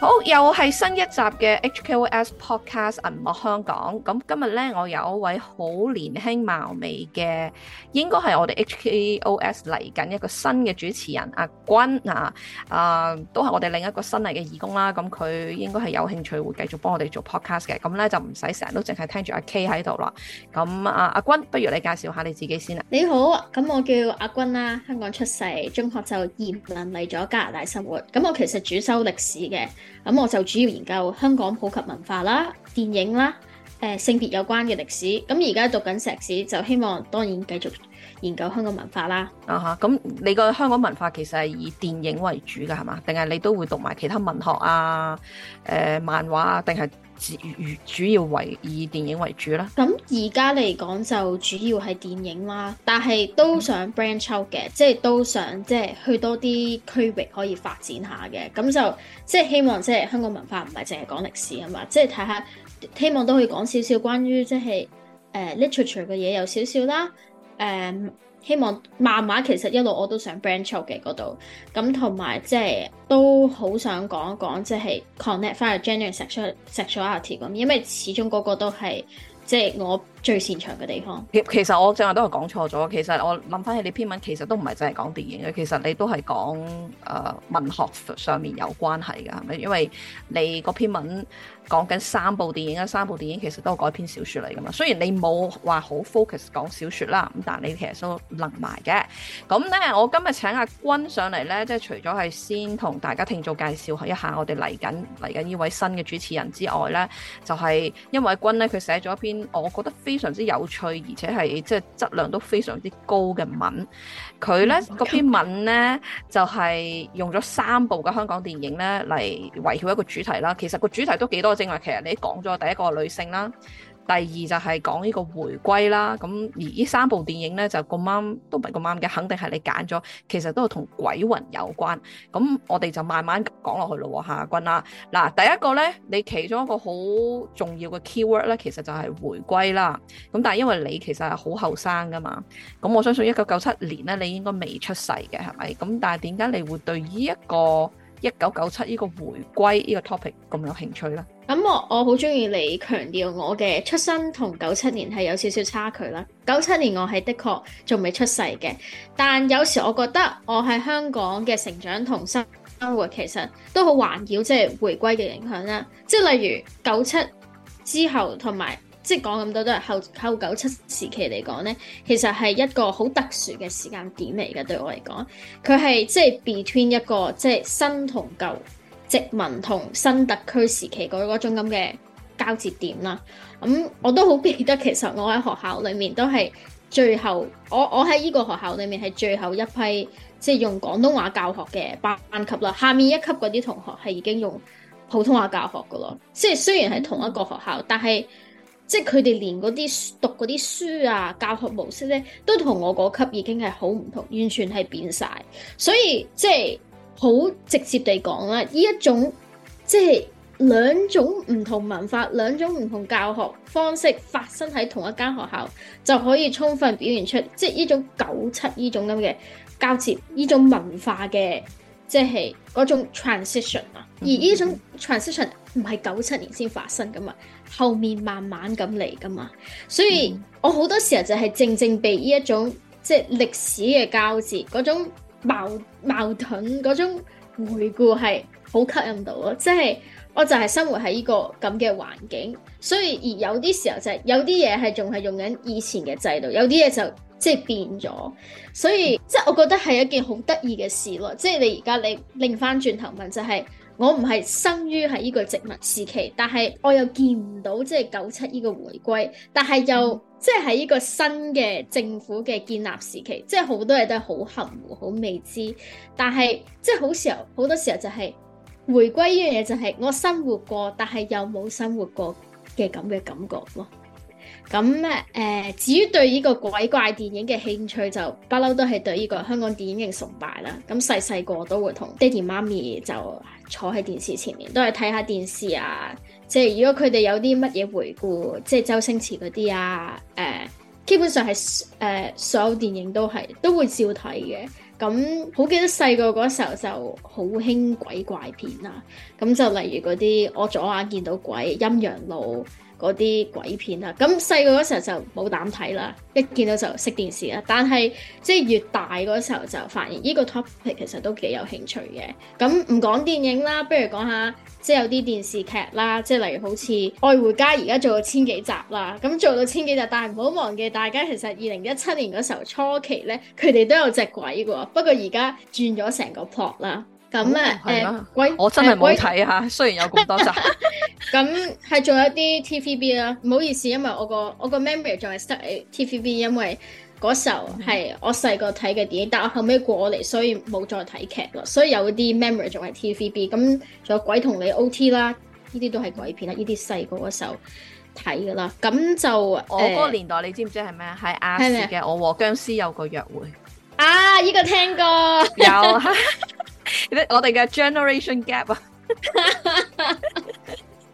好，又係新一集嘅 HKOS Podcast 銀幕香港。咁、呃、今日咧，我有一位好年輕貌美嘅，應該係我哋 HKOS 嚟緊一個新嘅主持人阿君啊。啊，呃、都係我哋另一個新嚟嘅義工啦。咁、呃、佢應該係有興趣會繼續幫我哋做 podcast 嘅。咁咧就唔使成日都淨係聽住阿 K 喺度啦。咁、呃、啊，阿君，不如你介紹下你自己先啦。你好，咁我叫阿君啦，香港出世，中學就移民嚟咗加拿大生活。咁我其實主修歷史嘅。咁我就主要研究香港普及文化啦、電影啦、誒、呃、性別有關嘅歷史。咁而家讀緊碩士，就希望當然繼續研究香港文化啦。啊吓、uh，咁、huh. 你個香港文化其實係以電影為主㗎，係咪？定係你都會讀埋其他文學啊、誒、呃、漫畫啊，定係？主要為以電影為主啦，咁而家嚟講就主要係電影啦，但係都想 branch out 嘅、嗯，即係都想即係去多啲區域可以發展下嘅，咁就即係希望即係香港文化唔係淨係講歷史啊嘛，即係睇下希望都可以講少少關於即係誒 literature 嘅嘢，有少少啦，誒、嗯。希望漫慢，慢其實一路我都想 branch out 嘅嗰度，咁同埋即係都好想講講即係 connect 翻去 gender sexuality 咁，因為始終嗰個都係即係我。最擅長嘅地方其。其實我正話都係講錯咗。其實我諗翻起你篇文，其實都唔係淨係講電影嘅。其實你都係講誒、呃、文學上面有關係㗎，係咪？因為你個篇文講緊三部電影啦，三部電影其實都改編小説嚟㗎嘛。雖然你冇話好 focus 講小説啦，咁但係你其實都能埋嘅。咁咧，我今日請阿君上嚟咧，即係除咗係先同大家聽眾介紹一下我哋嚟緊嚟緊呢位新嘅主持人之外咧，就係、是、因為君咧佢寫咗一篇，我覺得非常之有趣，而且係即係質量都非常之高嘅文。佢呢嗰篇文呢，就係、是、用咗三部嘅香港電影呢嚟圍繞一個主題啦。其實個主題都幾多精華啊。其實你講咗第一個女性啦。第二就係講呢個回歸啦，咁而呢三部電影呢，就咁啱都唔係咁啱嘅，肯定係你揀咗，其實都係同鬼魂有關。咁我哋就慢慢講落去咯，夏君啦。嗱，第一個呢，你其中一個好重要嘅 keyword 呢，其實就係回歸啦。咁但係因為你其實係好後生㗎嘛，咁我相信一九九七年呢，你應該未出世嘅，係咪？咁但係點解你會對呢一個一九九七呢個回歸呢個 topic 咁有興趣呢？咁我我好鍾意你強調我嘅出生同九七年係有少少差距啦。九七年我係的確仲未出世嘅，但有時我覺得我喺香港嘅成長同生生活其實都好環繞即係回歸嘅影響啦。即係例如九七之後同埋即係講咁多都係後後九七時期嚟講咧，其實係一個好特殊嘅時間點嚟嘅，對我嚟講，佢係即係 between 一個即係新同舊。殖民同新特區時期嗰嗰種咁嘅交接點啦，咁、嗯、我都好記得。其實我喺學校裡面都係最後，我我喺呢個學校裡面係最後一批即係、就是、用廣東話教學嘅班級啦。下面一級嗰啲同學係已經用普通話教學噶咯。即係雖然係同一個學校，但係即係佢哋連嗰啲讀嗰啲書啊，教學模式咧都同我嗰級已經係好唔同，完全係變晒。所以即係。好直接地講啦，呢一種即係兩種唔同文化、兩種唔同教學方式發生喺同一間學校，就可以充分表現出即係呢種九七呢種咁嘅交接、呢、嗯、種文化嘅即係嗰種 transition 啊。嗯、而呢種 transition 唔係九七年先發生噶嘛，後面慢慢咁嚟噶嘛。所以、嗯、我好多時候就係正正被呢一種即係歷史嘅交接嗰種。矛矛盾嗰種回顧係好吸引到咯，即係我就係生活喺呢個咁嘅環境，所以而有啲時候就係、是、有啲嘢係仲係用緊以前嘅制度，有啲嘢就即係變咗，所以即係我覺得係一件好得意嘅事咯，即係你而家你擰翻轉頭問就係、是。我唔係生於喺呢個殖民時期，但係我又見唔到即係九七呢個回歸，但係又即係喺呢個新嘅政府嘅建立時期，即係好多嘢都係好含糊、好未知。但係即係好時候，好多時候就係回歸呢樣嘢，就係我生活過，但係又冇生活過嘅咁嘅感覺咯。咁誒、呃，至於對呢個鬼怪電影嘅興趣，就不嬲都係對呢個香港電影嘅崇拜啦。咁細細個都會同爹哋媽咪就坐喺電視前面，都係睇下電視啊。即係如果佢哋有啲乜嘢回顧，即係周星馳嗰啲啊，誒、呃，基本上係誒、呃、所有電影都係都會照睇嘅。咁好記得細個嗰時候就好興鬼怪片啊。咁就例如嗰啲我左眼見到鬼、陰陽路。嗰啲鬼片啊，咁細個嗰時候就冇膽睇啦，一見到就熄電視啦。但係即係越大嗰時候就發現呢個 topic 其實都幾有興趣嘅。咁唔講電影啦，不如講下即係有啲電視劇啦，即係例如好似《愛回家》而家做到千幾集啦，咁做到千幾集，但係唔好忘記大家其實二零一七年嗰時候初期呢，佢哋都有隻鬼嘅喎。不過而家轉咗成個 plot 啦。咁啊，鬼！我真係冇睇吓，雖然有咁多集。咁係仲有啲 TVB 啦，唔好意思，因為我個我個 memory 仲係 stick TVB，因為嗰時候係我細個睇嘅電影，但我後尾過嚟，所以冇再睇劇咯，所以有啲 memory 仲係 TVB。咁仲有《鬼同你 OT》啦，呢啲都係鬼片啦，呢啲細個嗰時候睇噶啦。咁就我嗰個年代，你知唔知係咩？係亞視嘅《我和僵屍有個約會》啊，呢個聽過有。我哋嘅 generation gap 啊，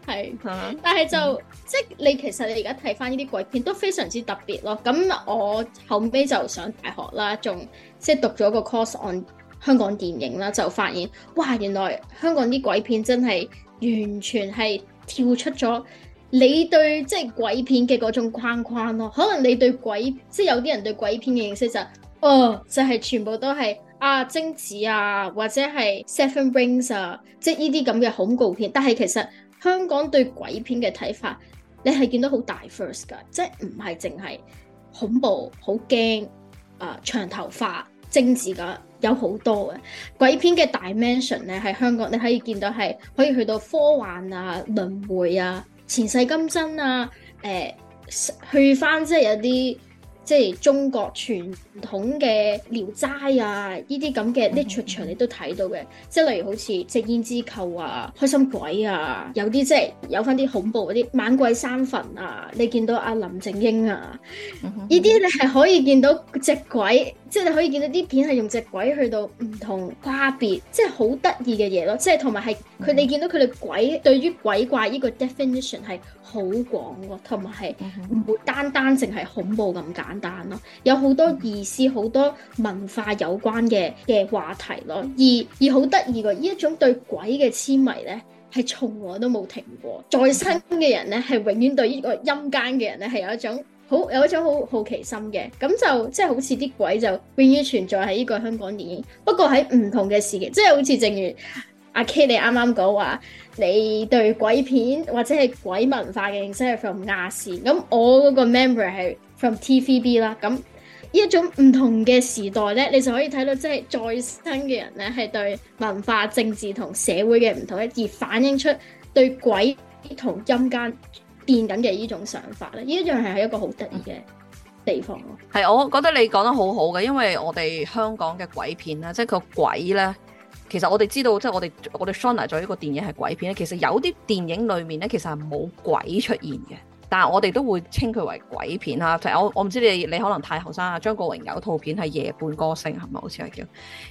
係，但係就即係、就是、你其實你而家睇翻呢啲鬼片都非常之特別咯。咁我後尾就上大學啦，仲即係讀咗個 course on 香港電影啦，就發現哇，原來香港啲鬼片真係完全係跳出咗你對即係鬼片嘅嗰種框框咯。可能你對鬼即係、就是、有啲人對鬼片嘅認識就是，哦，就係、是、全部都係。啊，貞子啊，或者係 Seven Rings 啊，即係呢啲咁嘅恐怖片。但係其實香港對鬼片嘅睇法，你係見到好大 first 噶，即係唔係淨係恐怖、好驚啊、長頭髮、貞子噶，有好多嘅鬼片嘅 dimension 咧，喺香港你可以見到係可以去到科幻啊、輪回啊、前世今生啊，誒、呃、去翻即係有啲。即係中國傳統嘅聊齋啊，呢啲咁嘅 literature 你都睇到嘅，mm hmm. 即係例如好似《胭脂扣》啊，《開心鬼》啊，有啲即係有翻啲恐怖嗰啲《猛鬼山墳》啊，你見到阿、啊、林正英啊，呢啲、mm hmm. 你係可以見到隻鬼，mm hmm. 即係你可以見到啲片係用隻鬼去到唔同瓜別，mm hmm. 即係好得意嘅嘢咯，即係同埋係佢你見到佢哋鬼對於鬼怪呢個 definition 係。好廣喎，同埋係唔會單單淨係恐怖咁簡單咯，有好多意思、好多文化有關嘅嘅話題咯。而而好得意嘅，呢一種對鬼嘅痴迷咧，係從來都冇停過。在生嘅人咧，係永遠對呢個陰間嘅人咧，係有一種好有一種好好奇心嘅。咁就即係好似啲鬼就永遠存在喺呢個香港電影。不過喺唔同嘅時期，即係好似正如。阿 K，你啱啱講話你對鬼片或者係鬼文化嘅認識係 from 亞視，咁我嗰個 memory 係 from TVB 啦。咁呢一種唔同嘅時代咧，你就可以睇到即係再生嘅人咧，係對文化、政治同社會嘅唔同，而反映出對鬼同陰間變緊嘅呢種想法咧。呢一樣係係一個好得意嘅地方咯。係、嗯，我覺得你講得好好嘅，因為我哋香港嘅鬼片咧，即係個鬼咧。其實我哋知道，即、就、係、是、我哋我哋 Shona 做呢個電影係鬼片咧。其實有啲電影裏面咧，其實係冇鬼出現嘅，但係我哋都會稱佢為鬼片啦。我我唔知你你可能太後生啊。張國榮有套片係夜半歌聲，係咪？好似係叫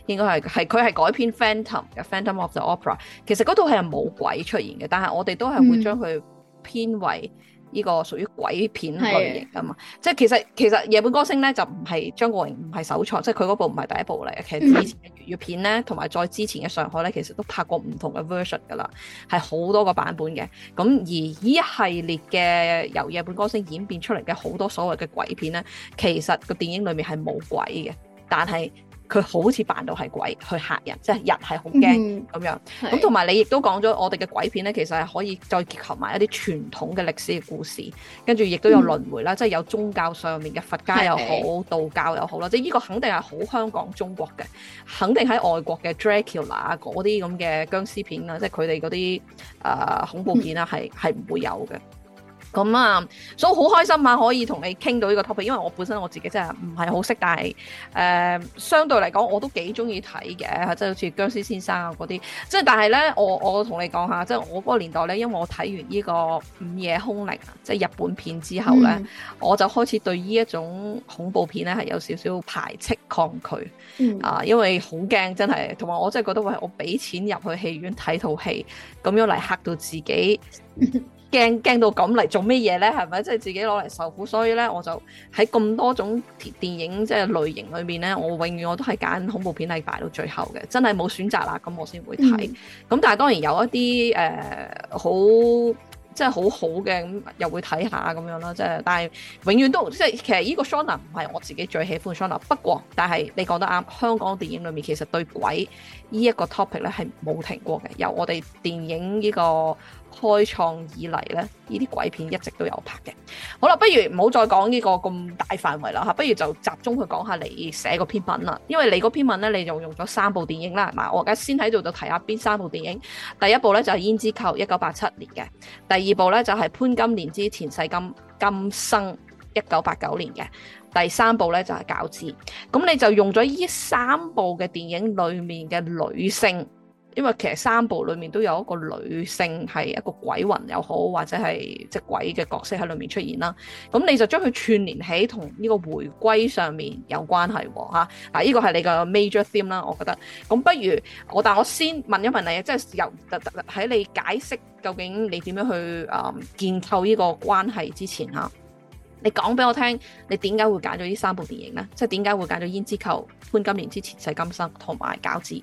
應該係係佢係改編 Phantom 嘅 Phantom of the Opera。其實嗰套係冇鬼出現嘅，但係我哋都係會將佢編為、嗯。呢個屬於鬼片類型㗎嘛，的即係其實其實《夜半歌聲》咧就唔係張國榮唔係首創，即係佢嗰部唔係第一部嚟，其實以前嘅粵語片咧，同埋再之前嘅上海咧，其實都拍過唔同嘅 version 噶啦，係好多個版本嘅。咁而呢一系列嘅由《夜半歌聲》演變出嚟嘅好多所謂嘅鬼片咧，其實個電影裡面係冇鬼嘅，但係。佢好似扮到係鬼去嚇人，即係人係好驚咁樣。咁同埋你亦都講咗，我哋嘅鬼片咧，其實係可以再結合埋一啲傳統嘅歷史嘅故事，跟住亦都有輪迴啦，嗯、即係有宗教上面嘅佛家又好、嗯、道教又好啦。嗯、即係呢個肯定係好香港中國嘅，肯定喺外國嘅 Dracula 嗰啲咁嘅僵屍片啊。即係佢哋嗰啲誒恐怖片啊，係係唔會有嘅。咁啊，所以好開心啊，可以同你傾到呢個 topic，因為我本身我自己真係唔係好識，但係誒、呃，相對嚟講我都幾中意睇嘅，即係好似殭屍先生啊嗰啲。即係但係咧，我我同你講下，即係我嗰個年代咧，因為我睇完呢個午夜凶鈴，即係日本片之後咧，嗯、我就開始對呢一種恐怖片咧係有少少排斥抗拒、嗯、啊，因為好驚真係，同埋我真係覺得喂，我俾錢入去戲院睇套戲，咁樣嚟嚇到自己。 驚驚到咁嚟，做咩嘢咧？係咪？即係自己攞嚟受苦。所以咧，我就喺咁多種電影，即係類型裏面咧，我永遠我都係揀恐怖片嚟，排到最後嘅。真係冇選擇啦，咁我先會睇。咁、嗯、但係當然有一啲誒、呃、好即係好好嘅，咁又會睇下咁樣啦。即係，但係永遠都即係其實呢個 genre 唔係我自己最喜歡嘅 genre 不過，但係你講得啱，香港電影裏面其實對鬼呢一個 topic 咧係冇停過嘅。由我哋電影呢、這個。開創以嚟咧，呢啲鬼片一直都有拍嘅。好啦，不如唔好再講呢個咁大範圍啦吓，不如就集中去講下你寫個篇文啦。因為你嗰篇文咧，你就用咗三部電影啦。嗱，我而家先喺度就睇下邊三部電影。第一部咧就係《胭脂扣》，一九八七年嘅；第二部咧就係《潘金蓮之前世今生》，一九八九年嘅；第三部咧就係《餃子》。咁你就用咗呢三部嘅電影裏面嘅女性。因為其實三部裏面都有一個女性係一個鬼魂又好，或者係隻鬼嘅角色喺裏面出現啦。咁你就將佢串連起同呢個回歸上面有關係喎嚇。嗱，依個係你嘅 major theme 啦，我覺得。咁不如我，但我先問一問你，即係由喺你解釋究竟你點樣去啊建構呢個關係之前嚇，你講俾我聽，你點解會揀咗呢三部電影呢？即係點解會揀咗《胭脂扣》、《潘金蓮之前世今生》同埋《餃子》？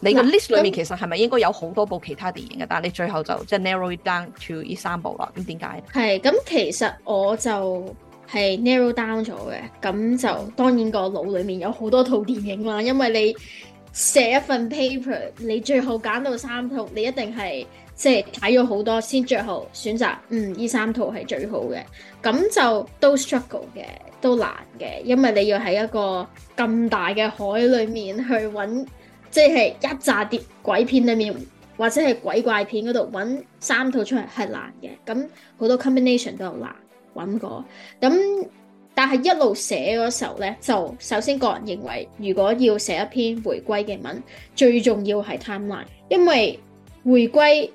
你個 list 裏面其實係咪應該有好多部其他電影嘅？但係你最後就即係、就是、narrow it down to 呢三部啦。咁點解？係咁，其實我就係 narrow down 咗嘅。咁就當然個腦裏面有好多套電影啦。因為你寫一份 paper，你最後揀到三套，你一定係即係睇咗好多先最後選擇。嗯，呢三套係最好嘅。咁就都 struggle 嘅，都難嘅，因為你要喺一個咁大嘅海裏面去揾。即係一紮啲鬼片裏面，或者係鬼怪片嗰度揾三套出嚟係難嘅，咁好多 combination 都有難揾過。咁但係一路寫嗰時候呢，就首先個人認為，如果要寫一篇回歸嘅文，最重要係 timeline，因為回歸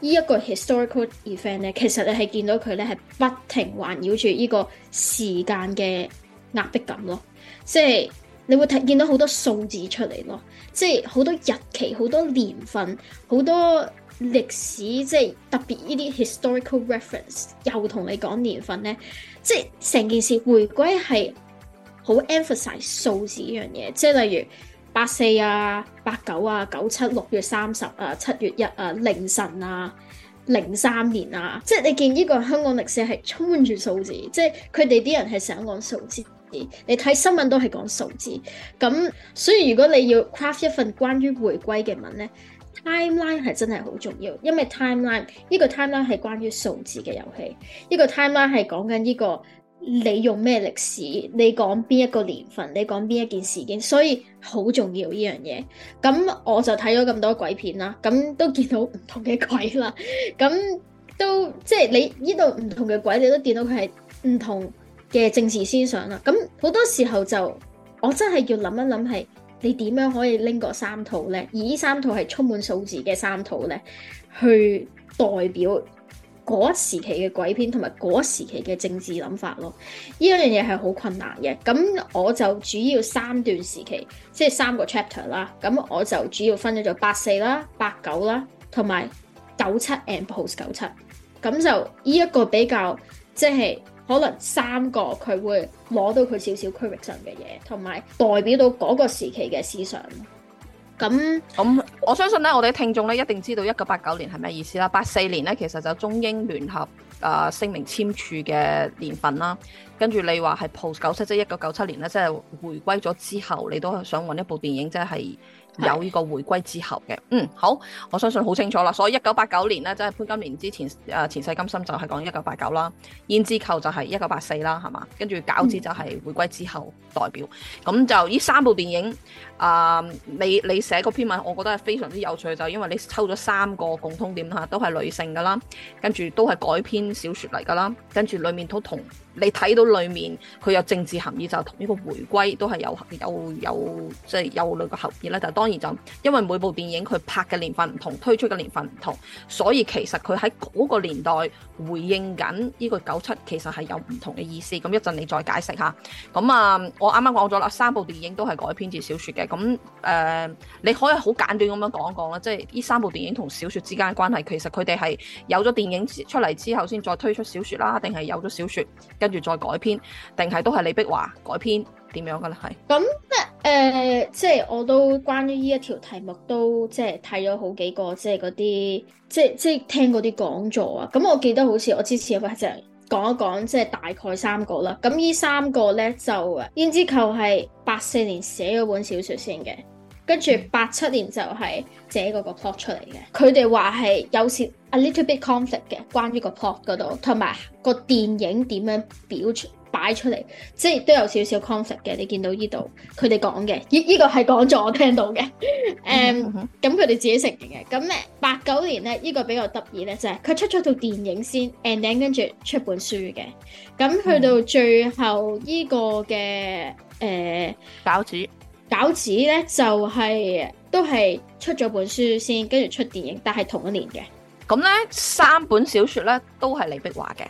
呢一個 historical event 咧，其實你係見到佢咧係不停環繞住呢個時間嘅壓迫感咯，即係。你會睇見到好多數字出嚟咯，即係好多日期、好多年份、好多歷史，即係特別呢啲 historical reference 又同你講年份咧，即係成件事回歸係好 emphasize 數字呢樣嘢，即係例如八四啊、八九啊、九七、六月三十啊、七月一啊、凌晨啊、零三年啊，即係你見呢個香港歷史係充滿住數字，即係佢哋啲人係想講數字。你睇新聞都係講數字，咁所以如果你要 craft 一份關於回歸嘅文咧，timeline 係真係好重要，因為 timeline 呢個 timeline 係關於數字嘅遊戲，呢、呢個 timeline 係講緊、呢、呢個你用咩歷史，你講邊一個年份，你講邊一件事件，所以好重要呢樣嘢。咁我就睇咗咁多鬼片啦，咁都見到唔同嘅鬼啦，咁都即係、即係、你呢度唔同嘅鬼，你都見到佢係唔同。嘅政治思想啦，咁好多時候就我真係要諗一諗，係你點樣可以拎嗰三套呢？而呢三套係充滿數字嘅三套呢，去代表嗰時期嘅鬼片同埋嗰時期嘅政治諗法咯。呢樣嘢係好困難嘅。咁我就主要三段時期，即係三個 chapter 啦。咁我就主要分咗做八四啦、八九啦，同埋九七 and post 九七。咁就呢一個比較即係。可能三個佢會攞到佢少少區域上嘅嘢，同埋代表到嗰個時期嘅思想。咁、嗯、咁、嗯，我相信呢，我哋聽眾呢一定知道一九八九年係咩意思啦。八四年呢，其實就中英聯合誒、呃、聲明簽署嘅年份啦。跟住你話係 post 九七，97，即係一九九七年呢，即係回歸咗之後，你都想揾一部電影即係。有呢個回歸之後嘅嗯，好，我相信好清楚啦。所以一九八九年咧，即係潘金蓮之前誒、呃、前世今生就係講一九八九啦，胭脂扣就係一九八四啦，係嘛？跟住餃子就係、是、回歸之後代表咁、嗯、就呢三部電影啊、呃，你你寫嗰篇文，我覺得係非常之有趣，就是、因為你抽咗三個共通點啦，都係女性噶啦，跟住都係改編小説嚟噶啦，跟住裡面都同。你睇到裏面佢有政治含義，就是、同呢個回歸都係有有有即係、就是、有兩個含義啦。但當然就因為每部電影佢拍嘅年份唔同，推出嘅年份唔同，所以其實佢喺嗰個年代回應緊呢個九七，其實係有唔同嘅意思。咁一陣你再解釋下。咁啊，我啱啱講咗啦，三部電影都係改編自小説嘅。咁誒、呃，你可以好簡短咁樣講一講啦，即係呢三部電影同小説之間嘅關係，其實佢哋係有咗電影出嚟之後先再推出小説啦，定係有咗小説？跟住再改編，定係都係李碧華改編點樣噶咧？係咁咧，誒、呃，即係我都關於呢一條題目都即係睇咗好幾個，即係嗰啲，即係即係聽嗰啲講座啊。咁我記得好似我之前有個一隻講一講，即係大概三個啦。咁呢三個咧就，胭脂扣係八四年寫咗本小説先嘅。跟住八七年就係寫嗰個，個 plot 出嚟嘅，佢哋話係有少 a little bit conflict 嘅，關於個 plot 嗰度，同埋個電影點樣表出擺出嚟，即係都有少少 conflict 嘅。你見到依度佢哋講嘅呢依個係講咗我聽到嘅，誒咁佢哋自己承認嘅。咁咧八九年咧呢、呢個比較得意咧就係佢出咗套電影先，and then 跟住出本書嘅。咁去到最後呢個嘅誒，餃、嗯呃、子。餃子咧就係、是、都係出咗本書先，跟住出電影，但係同一年嘅。咁咧三本小說咧都係李碧華嘅，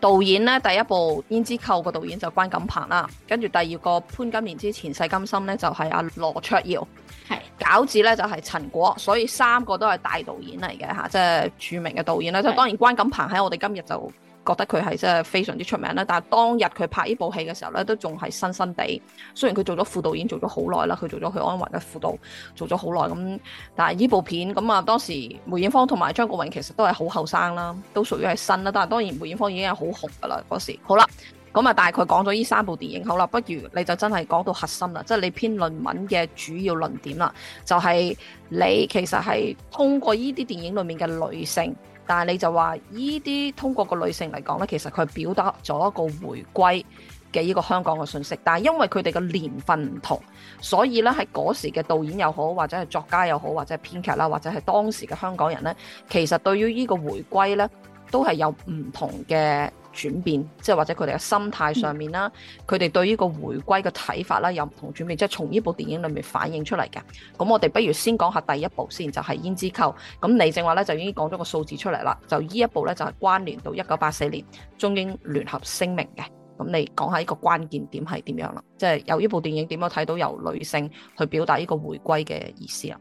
導演咧，第一部《胭脂扣》個導演就關錦鵬啦，跟住第二個《潘金蓮之前世今生》咧就係阿羅卓瑤。係餃是子咧就係、是、陳果，所以三個都係大導演嚟嘅吓，即係著名嘅導演啦。是就當然關錦鵬喺我哋今日就。覺得佢係真係非常之出名啦，但係當日佢拍呢部戲嘅時候咧，都仲係新新地。雖然佢做咗副導演，做咗好耐啦，佢做咗許安華嘅副導，做咗好耐咁。但係呢部片咁啊，當時梅艷芳同埋張國榮其實都係好後生啦，都屬於係新啦。但係當然梅艷芳已經係好紅噶啦嗰時。好啦，咁啊大概講咗呢三部電影好啦，不如你就真係講到核心啦，即係你篇論文嘅主要論點啦，就係你其實係通過呢啲電影裏面嘅女性。但係你就話依啲通過個女性嚟講呢，其實佢表達咗一個回歸嘅呢個香港嘅信息。但係因為佢哋嘅年份唔同，所以呢喺嗰時嘅導演又好，或者係作家又好，或者係編劇啦，或者係當時嘅香港人呢，其實對於呢個回歸呢，都係有唔同嘅轉變，即係或者佢哋嘅心態上面啦，佢哋對呢個回歸嘅睇法啦，有唔同轉變，即係從呢部電影裏面反映出嚟嘅。咁我哋不如先講下第一部先，就係《胭脂扣》。咁你正話咧，就已經講咗個數字出嚟啦。就呢一部咧，就係關聯到一九八四年中英聯合聲明嘅。咁你講下呢個關鍵點係點樣啦？即係由呢部電影點樣睇到由女性去表達呢個回歸嘅意思啊？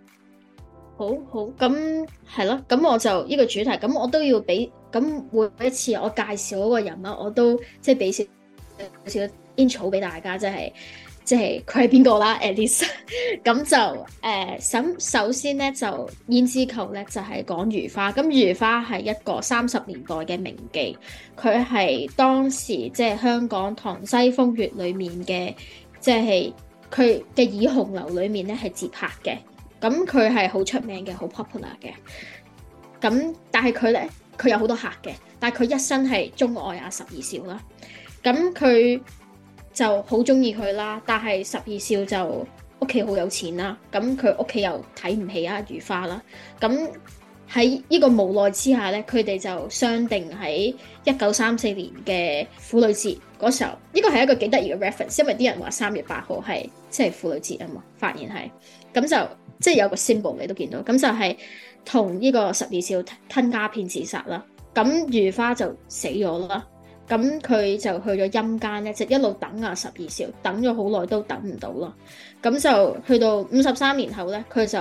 好好，咁係咯，咁我就呢個主題，咁我都要俾。咁每一次我介紹嗰個人物，我都即係俾少少 intro 俾大家，即係即係佢係邊個啦，Alice。咁 at least. 就誒，咁、呃、首先咧就呢《胭脂扣咧就係講如花，咁、嗯、如花係一個三十年代嘅名妓，佢係當時即係香港《唐西風月》裏面嘅，即係佢嘅《倚紅樓》裏面咧係自拍嘅，咁佢係好出名嘅，好 popular 嘅。咁、嗯、但係佢咧。佢有好多客嘅，但係佢一生係鍾愛阿十二少啦。咁佢就好中意佢啦，但係十二少就屋企好有錢啦。咁佢屋企又睇唔起阿、啊、如花啦。咁喺呢個無奈之下咧，佢哋就商定喺一九三四年嘅婦女節嗰時候，呢個係一個幾得意嘅 reference，因為啲人話三月八號係即係婦女節啊嘛，發現係咁就即係、就是、有個 symbol 你都見到，咁就係、是。同呢個十二少吞鴉片自殺啦，咁如花就死咗啦，咁佢就去咗陰間咧，就是、一路等啊十二少，等咗好耐都等唔到咯，咁就去到五十三年後咧，佢就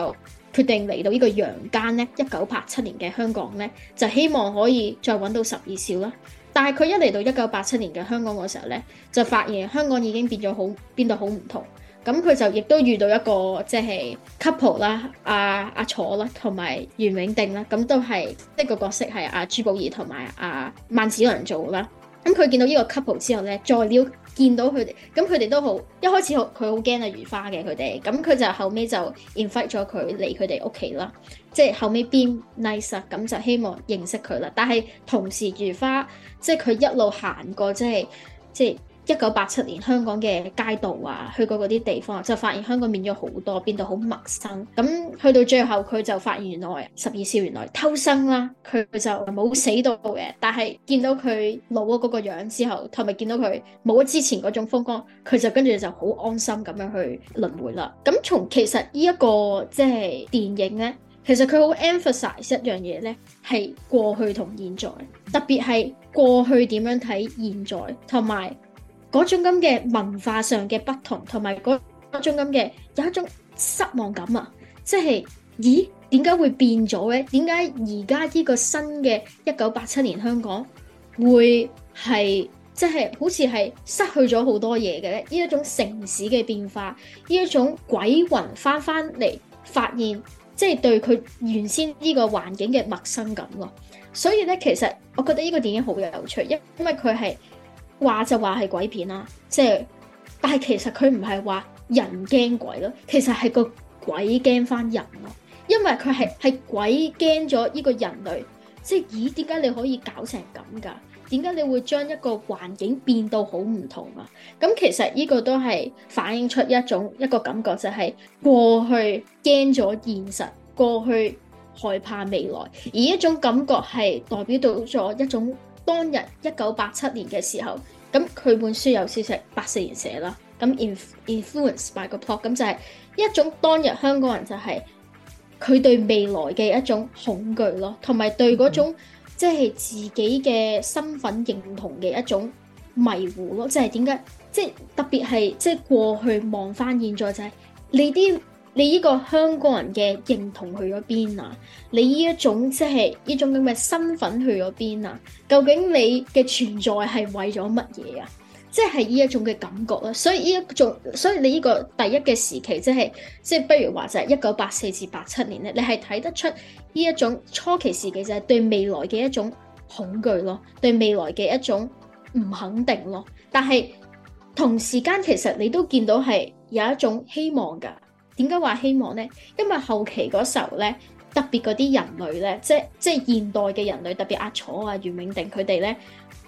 決定嚟到個呢個陽間咧，一九八七年嘅香港咧，就希望可以再搵到十二少啦，但係佢一嚟到一九八七年嘅香港嗰時候咧，就發現香港已經變咗好變到好唔同。咁佢就亦都遇到一個即係、就是、couple 啦、啊，阿、啊、阿楚啦，同埋袁永定啦，咁都係一個角色係阿朱寶意同埋阿萬梓良做啦。咁佢見到呢個 couple 之後咧，再了見到佢哋，咁佢哋都好一開始好佢好驚阿如花嘅佢哋，咁佢就後尾就 invite 咗佢嚟佢哋屋企啦，即係後尾變 nice 咁就希望認識佢啦。但係同時如花即係佢一路行過即係即。就是就是一九八七年香港嘅街道啊，去過嗰啲地方，就發現香港變咗好多，變到好陌生。咁去到最後，佢就發現原來十二少原來偷生啦，佢就冇死到嘅。但係見到佢老咗嗰個樣之後，同埋見到佢冇咗之前嗰種風光，佢就跟住就好安心咁樣去輪迴啦。咁從其實呢、這、一個即係、就是、電影呢，其實佢好 emphasize 一樣嘢呢，係過去同現在，特別係過去點樣睇現在，同埋。嗰種咁嘅文化上嘅不同，同埋嗰種咁嘅有一種失望感啊！即係，咦？點解會變咗咧？點解而家呢個新嘅一九八七年香港會係即係好似係失去咗好多嘢嘅咧？呢一種城市嘅變化，呢一種鬼魂翻翻嚟發現，即係對佢原先呢個環境嘅陌生感咯。所以咧，其實我覺得呢個電影好有趣，因因為佢係。話就話係鬼片啦，即係，但係其實佢唔係話人驚鬼咯，其實係個鬼驚翻人咯，因為佢係係鬼驚咗依個人類，即係咦？點解你可以搞成咁噶？點解你會將一個環境變到好唔同啊？咁其實呢個都係反映出一種一個感覺，就係過去驚咗現實，過去害怕未來，而一種感覺係代表到咗一種。當日一九八七年嘅時候，咁佢本書有消息八四年寫啦，咁 influence by 個 plot 咁就係一種當日香港人就係佢對未來嘅一種恐懼咯，同埋對嗰種、嗯、即係自己嘅身份認同嘅一種迷糊咯，即係點解即係特別係即係過去望翻現在就係、是、你啲。你呢個香港人嘅認同去咗邊啊？你呢一種即係呢種咁嘅身份去咗邊啊？究竟你嘅存在係為咗乜嘢啊？即係呢一種嘅感覺啦。所以呢一種，所以你呢個第一嘅時期，即係即係不如話就係一九八四至八七年咧，你係睇得出呢一種初期時期就係對未來嘅一種恐懼咯，對未來嘅一種唔肯定咯。但係同時間其實你都見到係有一種希望㗎。點解話希望呢？因為後期嗰時候呢，特別嗰啲人類呢，即係即係現代嘅人類，特別阿楚啊、袁永定，佢哋呢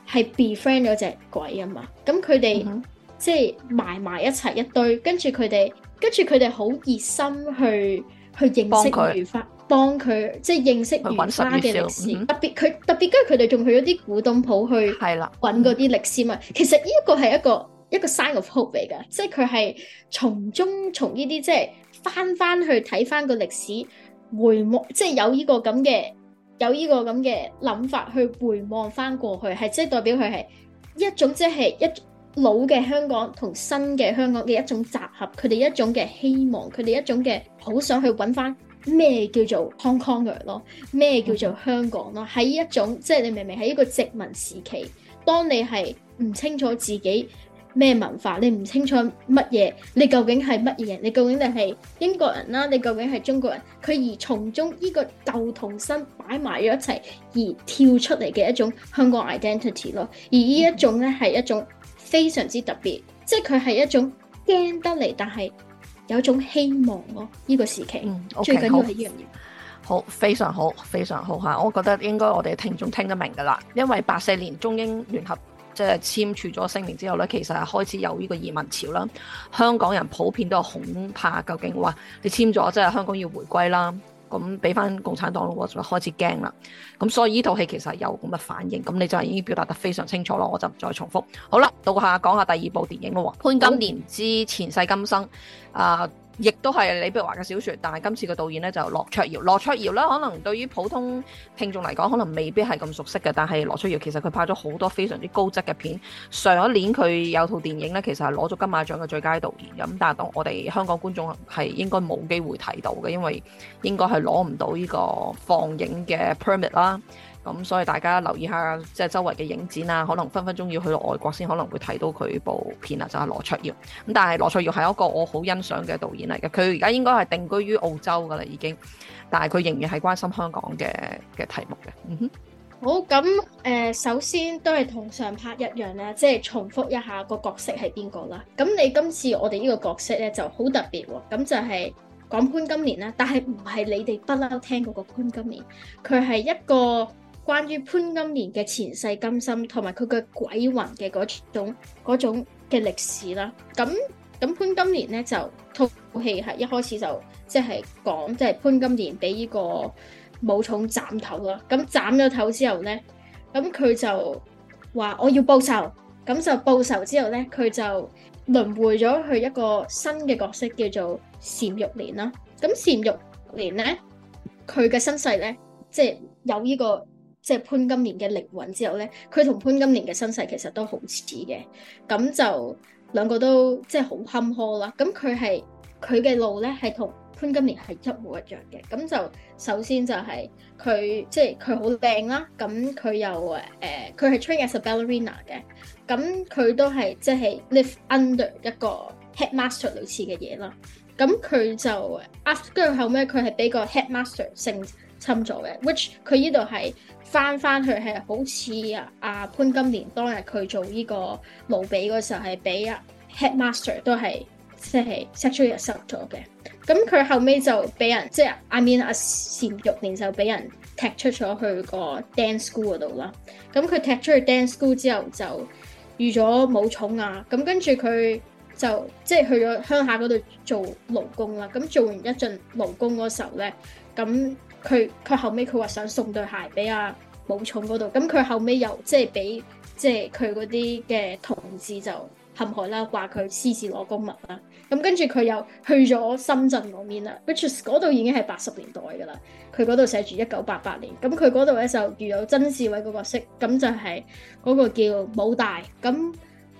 係 befriend 咗隻鬼啊嘛。咁佢哋即係埋埋一齊一堆，跟住佢哋，跟住佢哋好熱心去去認識如花，幫佢他即係認識如花嘅歷史。特別佢特別，跟住佢哋仲去咗啲古董鋪去揾嗰啲歷史嘛。其實呢一個係一個。一個 sign of hope 嚟嘅，即係佢係從中從呢啲即係翻翻去睇翻個歷史回望，即係有呢個咁嘅有呢個咁嘅諗法去回望翻過去，係即係代表佢係一種即係一老嘅香港同新嘅香港嘅一種集合，佢哋一種嘅希望，佢哋一種嘅好想去揾翻咩叫做 Hong Konger 咯，咩叫做香港咯，喺一種即係你明明喺一個殖民時期，當你係唔清楚自己。咩文化？你唔清楚乜嘢？你究竟係乜嘢？你究竟你係英國人啦？你究竟係中國人？佢而從中呢個舊同新擺埋咗一齊而跳出嚟嘅一種香港 identity 咯。而呢一種咧係、嗯、一種非常之特別，即係佢係一種驚得嚟，但係有一種希望咯。呢、這個時期，嗯、okay, 最緊要係呢樣嘢，好非常好，非常好吓。我覺得應該我哋聽眾聽得明噶啦，因為八四年中英聯合。即係簽署咗聲明之後呢，其實係開始有呢個移民潮啦。香港人普遍都係恐怕，究竟話你簽咗即係香港要回歸啦，咁俾翻共產黨咯喎，我就開始驚啦。咁所以呢套戲其實有咁嘅反應，咁你就已經表達得非常清楚咯。我就唔再重複。好啦，到下講下第二部電影咯喎，《潘金蓮之前世今生》啊、呃。亦都係李碧華嘅小説，但係今次嘅導演咧就羅卓瑤。羅卓瑤咧，可能對於普通聽眾嚟講，可能未必係咁熟悉嘅。但係羅卓瑤其實佢拍咗好多非常之高質嘅片。上一年佢有套電影咧，其實係攞咗金馬獎嘅最佳導演。咁但係當我哋香港觀眾係應該冇機會睇到嘅，因為應該係攞唔到呢個放映嘅 permit 啦。咁、嗯、所以大家留意下，即係周圍嘅影展啊，可能分分鐘要去到外國先，可能會睇到佢部片啊，就係、是、羅卓瑤。咁、嗯、但係羅卓瑤係一個我好欣賞嘅導演嚟嘅，佢而家應該係定居於澳洲噶啦，已經。但係佢仍然係關心香港嘅嘅題目嘅。嗯哼，好，咁誒、呃，首先都係同上拍一樣咧，即、就、係、是、重複一下個角色係邊個啦。咁你今次我哋呢個角色咧就好特別喎、哦，咁就係講潘金蓮啦，但係唔係你哋不嬲聽嗰個潘金蓮，佢係一個。關於潘金蓮嘅前世今生，同埋佢嘅鬼魂嘅嗰種嗰種嘅歷史啦。咁咁潘金蓮咧就套戲係一開始就即係講，即係潘金蓮俾呢個武松斬頭啦。咁斬咗頭之後咧，咁佢就話我要報仇。咁就報仇之後咧，佢就輪回咗去一個新嘅角色，叫做單玉蓮啦。咁單玉蓮咧，佢嘅身世咧，即係有呢個。即係潘金蓮嘅靈魂之後咧，佢同潘金蓮嘅身世其實都好似嘅，咁就兩個都即係好坎坷啦。咁佢係佢嘅路咧，係同潘金蓮係一模一樣嘅。咁就首先就係佢即係佢好靚啦。咁佢又誒，佢係 train as a ballerina 嘅。咁佢都係即係 live under 一個 headmaster 類似嘅嘢啦。咁佢就 after，後尾佢係俾個 headmaster 性侵咗嘅，which 佢呢度係翻翻去係好似啊，阿潘金蓮當日佢做呢個奴婢嗰時候係俾 headmaster 都係即係 sexual assault 收咗嘅，咁佢後尾就俾人即係，I mean 阿、啊、善玉蓮就俾人踢出咗去個 dance school 嗰度啦，咁佢踢出去 dance school 之後就遇咗舞蟲啊，咁跟住佢就即係去咗鄉下嗰度做勞工啦，咁做完一陣勞工嗰時候咧，咁。佢佢後尾佢話想送對鞋俾阿、啊、武松嗰度，咁佢後尾又即係俾即係佢嗰啲嘅同志就陷害啦，話佢私自攞公物啦。咁跟住佢又去咗深圳嗰邊啦，which 嗰度已經係八十年代噶啦。佢嗰度寫住一九八八年。咁佢嗰度咧就遇到曾志偉個角色，咁就係嗰個叫武大。咁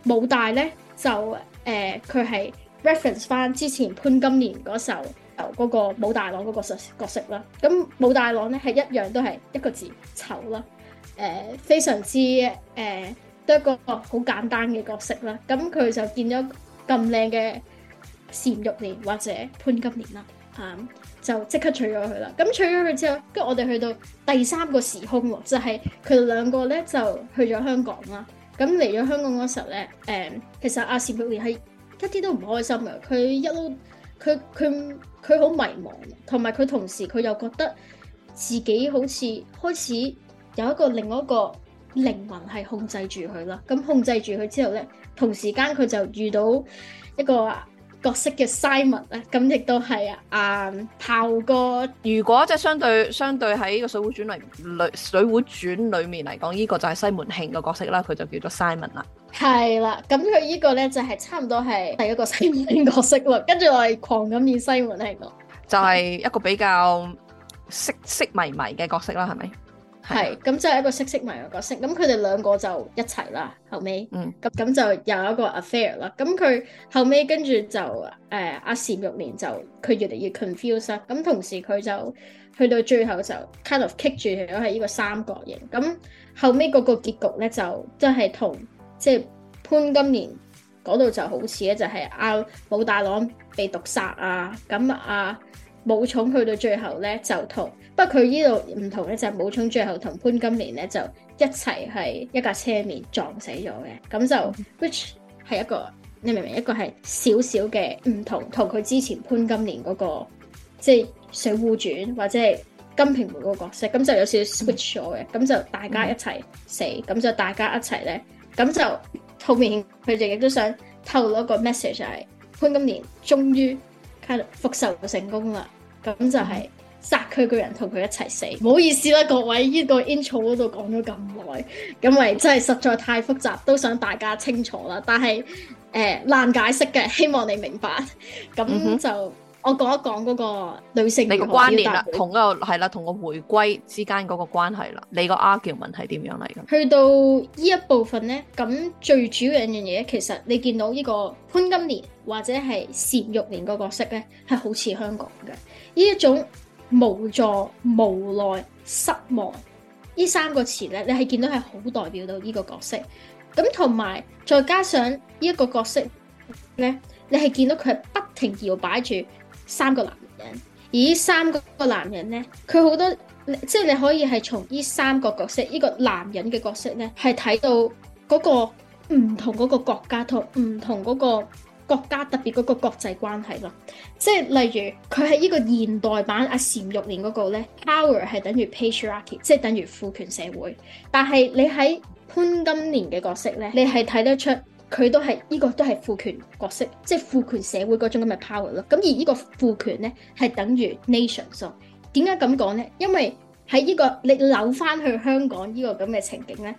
武大咧就誒佢、呃、係 reference 翻之前潘金蓮嗰時候。嗰個武大郎嗰個角色啦，咁武大郎咧係一樣都係一個字醜啦，誒、呃、非常之誒、呃、都一個好簡單嘅角色啦，咁佢就見咗咁靚嘅單玉蓮或者潘金蓮啦，啊、嗯、就即刻娶咗佢啦，咁、嗯、娶咗佢之後，跟住我哋去到第三個時空喎，就係佢哋兩個咧就去咗香港啦，咁嚟咗香港嗰時候咧，誒、嗯、其實阿、啊、單玉蓮係一啲都唔開心嘅，佢一路。佢佢佢好迷茫，同埋佢同時佢又覺得自己好似開始有一個另外一個靈魂係控制住佢啦。咁控制住佢之後呢，同時間佢就遇到一個角色嘅 Simon 咧，咁亦都係啊，阿、嗯、炮哥。如果即係相對相對喺《水滸傳》裏裏《水滸傳》裏面嚟講，呢、這個就係西門慶嘅角色啦，佢就叫做 Simon 啦。係啦，咁佢呢個咧就係、是、差唔多係一個西門慶角色咯。跟住我哋狂咁演西門慶，就係一個比較色色迷迷嘅角色啦，係咪？係，咁、啊、就係一個色色迷嘅角色，咁佢哋兩個就一齊啦，後尾，咁咁、嗯、就又有一個 affair 啦，咁佢後尾跟住就，誒阿蟬玉蓮就佢越嚟越 confused，咁同時佢就去到最後就 kind of kick 住咗係呢個三角形，咁後尾嗰個結局咧就真係同即係潘金蓮嗰度就好似咧，就係阿武大郎被毒殺啊，咁啊。武松去到最後咧，就同不過佢呢度唔同咧，就係、武松最後同潘金蓮咧就一齊係一架車面撞死咗嘅。咁就 which 係一個你明唔明？一個係少少嘅唔同，同佢之前潘金蓮嗰、嗰個即係水滸傳或者係金瓶梅嗰個角色，咁就有少少 switch 咗嘅。咁、嗯、就大家一齊死，咁、嗯、就大家一齊咧，咁就後面佢哋亦都想透露一個 message 就係、係、潘金蓮終於。復仇就成功啦！咁就係殺佢個人同佢一齊死。唔好意思啦，各位，呢個 intro 嗰度講咗咁耐，因為真係實在太複雜，都想大家清楚啦。但係誒難解釋嘅，希望你明白。咁就。嗯我講一講嗰個女性，你個關聯啦，同個係啦，同個回歸之間嗰個關係啦，你個 argument 係點樣嚟嘅？去到呢一部分咧，咁最主要一樣嘢，其實你見到呢個潘金蓮或者係單玉蓮個角色咧，係好似香港嘅，呢一種無助、無奈、失望，呢三個詞咧，你係見到係好代表到呢個角色，咁同埋再加上呢一個角色咧，你係見到佢係不停搖擺住。三個男人，而呢三個男人呢，佢好多，即係你可以係從呢三個角色，呢、這個男人嘅角色呢，係睇到嗰個唔同嗰個國家同唔同嗰個國家特別嗰個國際關係咯。即係例如，佢喺呢個現代版阿馴玉年嗰個咧，power 係等於 p a t r i a r c h y 即係等於父權社會。但係你喺潘金蓮嘅角色呢，你係睇得出。佢都係呢、這個都係父權角色，即係父權社會嗰種咁嘅 power 咯。咁而呢個父權咧係等於 nation 咯。點解咁講呢？因為喺呢、這個你扭翻去香港呢個咁嘅情景呢，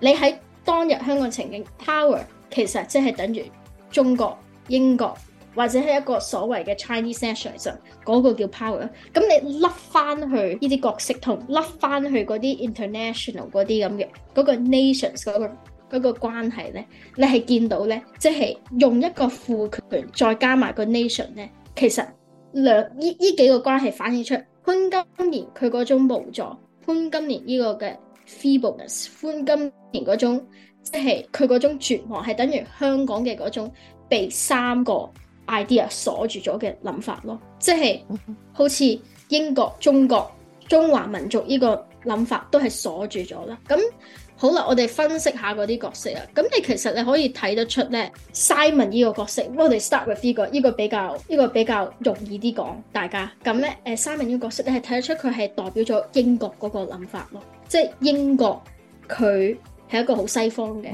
你喺當日香港情景 power 其實即係等於中國、英國或者係一個所謂嘅 Chinese nationalism 嗰個叫 power。咁你甩翻去呢啲角色同甩翻去嗰啲 international 嗰啲咁嘅嗰個 nation 嗰、那個。嗰個關係呢，你係見到呢，即係用一個父權再加埋個 nation 呢，其實兩呢呢幾個關係反映出潘金蓮佢嗰種無助，潘金蓮呢個嘅 feebleness，潘金蓮嗰種即係佢嗰種絕望，係等於香港嘅嗰種被三個 idea 鎖住咗嘅諗法咯，即係好似英國、中國。中華民族呢個諗法都係鎖住咗啦。咁好啦，我哋分析下嗰啲角色啊。咁你其實你可以睇得出咧，Simon 呢個角色，我哋 start with 呢個呢、呢個比較呢、呢個比較容易啲講大家。咁咧，誒，Simon 呢個角色，你係睇得出佢係代表咗英國嗰個諗法咯。即係英國，佢係一個好西方嘅，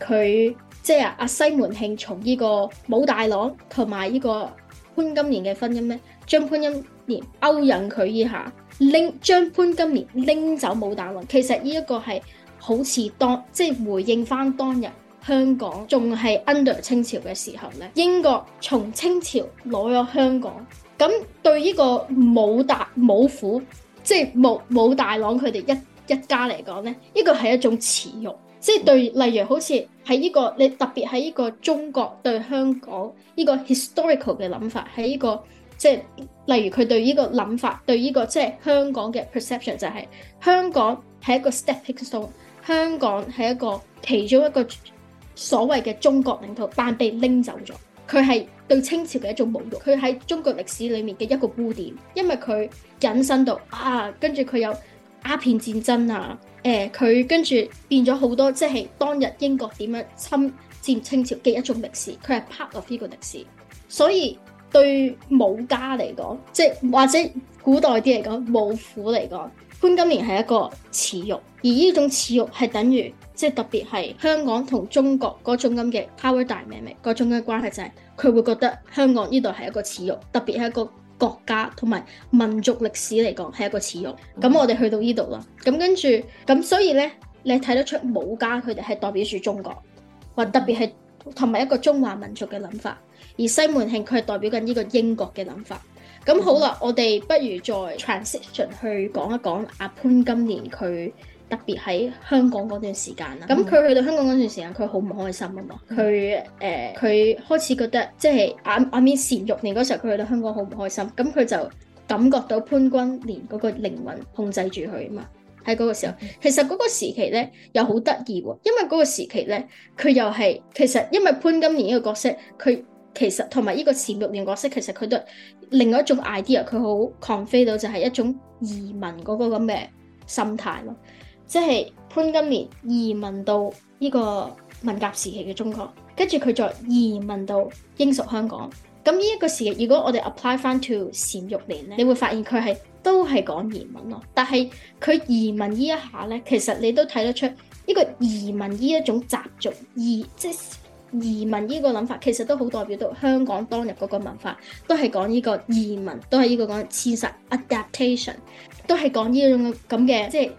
佢即係阿、啊、西門慶從呢個武大郎同埋呢個潘金蓮嘅婚姻咧，將潘金蓮勾引佢以下。拎將潘金蓮拎走武大郎，其實呢一個係好似當即係回應翻當日香港仲係 under 清朝嘅時候咧，英國從清朝攞咗香港，咁對呢個武大武虎即係武武大郎佢哋一一家嚟講咧，呢個係一種恥辱，即係對例如好似喺呢個你特別喺呢個中國對香港呢個 historical 嘅諗法喺呢個。即係例如佢對呢個諗法，對呢、這個即係香港嘅 perception 就係、是、香港係一個 stepping stone 香港係一個其中一個所謂嘅中國領土，但被拎走咗。佢係對清朝嘅一種侮辱，佢喺中國歷史裏面嘅一個污點，因為佢引申到啊，跟住佢有鴉片戰爭啊，誒、呃，佢跟住變咗好多，即係當日英國點樣侵佔清朝嘅一種歷史，佢係 part of 呢個歷史，所以。對武家嚟講，即係或者古代啲嚟講，武府嚟講，潘金蓮係一個恥辱，而呢種恥辱係等於，即係特別係香港同中國嗰種咁嘅 power dynamic，嗰種嘅關係就係佢會覺得香港呢度係一個恥辱，特別係一個國家同埋民族歷史嚟講係一個恥辱。咁、嗯、我哋去到呢度啦，咁跟住咁，所以呢，你睇得出武家佢哋係代表住中國，或者特別係同埋一個中華民族嘅諗法。而西門慶佢係代表緊呢個英國嘅諗法，咁好啦，嗯、我哋不如再 transition 去講一講阿潘金蓮佢特別喺香港嗰段時間啦。咁佢、嗯、去到香港嗰段時間，佢好唔開心啊嘛。佢誒、嗯，佢、呃、開始覺得即係阿阿面善玉年嗰時候，佢去到香港好唔開心。咁佢就感覺到潘金蓮嗰個靈魂控制住佢啊嘛。喺嗰個時候，嗯、其實嗰個時期咧又好得意喎，因為嗰個時期咧佢又係其實因為潘金蓮呢個角色佢。其實同埋呢個單玉蓮角色，其實佢都另外一種 idea，佢好 convey 到就係一種移民嗰、那個咁嘅心態咯。即係潘金蓮移民到呢個文革時期嘅中國，跟住佢再移民到英屬香港。咁呢一個時期，如果我哋 apply 翻 to 單玉蓮咧，你會發現佢係都係講移民咯。但係佢移民呢一下咧，其實你都睇得出呢、這個移民呢一種習俗，移即移民呢個諗法其實都好代表到香港當日嗰個文化，都係講呢個移民，都係呢個講遷徙 （adaptation），都係講呢種咁嘅即係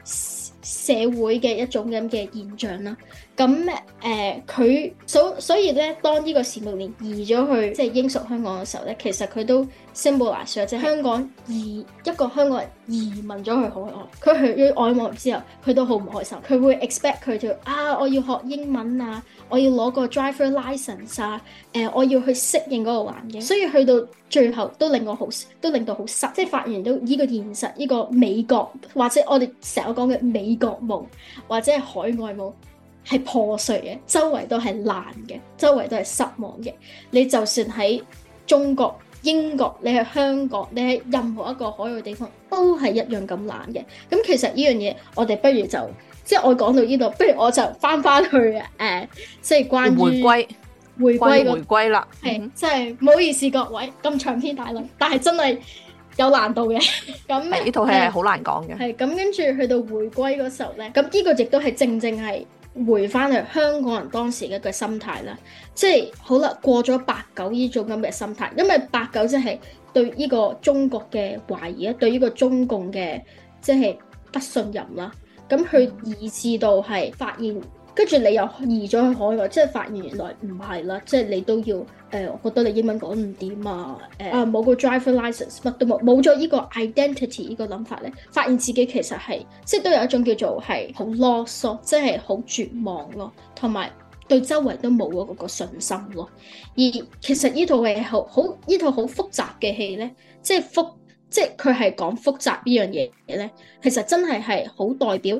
社會嘅一種咁嘅現象啦。咁誒，佢所、呃、所以咧，當呢個史密連移咗去即係英屬香港嘅時候咧，其實佢都 symbolize 咗，即係香港移一個香港人移民咗去海外，佢去咗外國之後，佢都好唔開心。佢會 expect 佢就啊，我要學英文啊，我要攞個 driver license 啊，誒、呃，我要去適應嗰個環境。所以去到最後都令我好，都令到好失，即係發現到呢個現實，呢、這個美國或者我哋成日講嘅美國夢或者係海外夢。係破碎嘅，周圍都係爛嘅，周圍都係失望嘅。你就算喺中國、英國，你喺香港，你喺任何一個海外地方，都係一樣咁爛嘅。咁其實呢樣嘢，我哋不如就即係我講到呢度，不如我就翻翻去誒、呃，即係關於回歸回歸回歸啦。係，即係唔好意思，各位咁長篇大論，但係真係有難度嘅。咁呢套戲係好難講嘅。係咁，跟住去到回歸嗰時候咧，咁呢個亦都係正正係。回翻去香港人當時嘅一個心態啦，即係好啦，過咗八九呢種咁嘅心態，因為八九真係對呢個中國嘅懷疑啦，對呢個中共嘅即係不信任啦，咁佢以至到係發現。跟住你又移咗去海外，即係發現原來唔係啦，即係你都要誒、呃，我覺得你英文講唔掂啊，誒、呃、冇個 driver license，乜都冇，冇咗依個 identity 個呢個諗法咧，發現自己其實係即係都有一種叫做係好囉嗦，即係好絕望咯，同埋對周圍都冇咗嗰個信心咯。而其實呢套戲係好好，呢套好複雜嘅戲咧，即係複即係佢係講複雜呢樣嘢嘅咧，其實真係係好代表。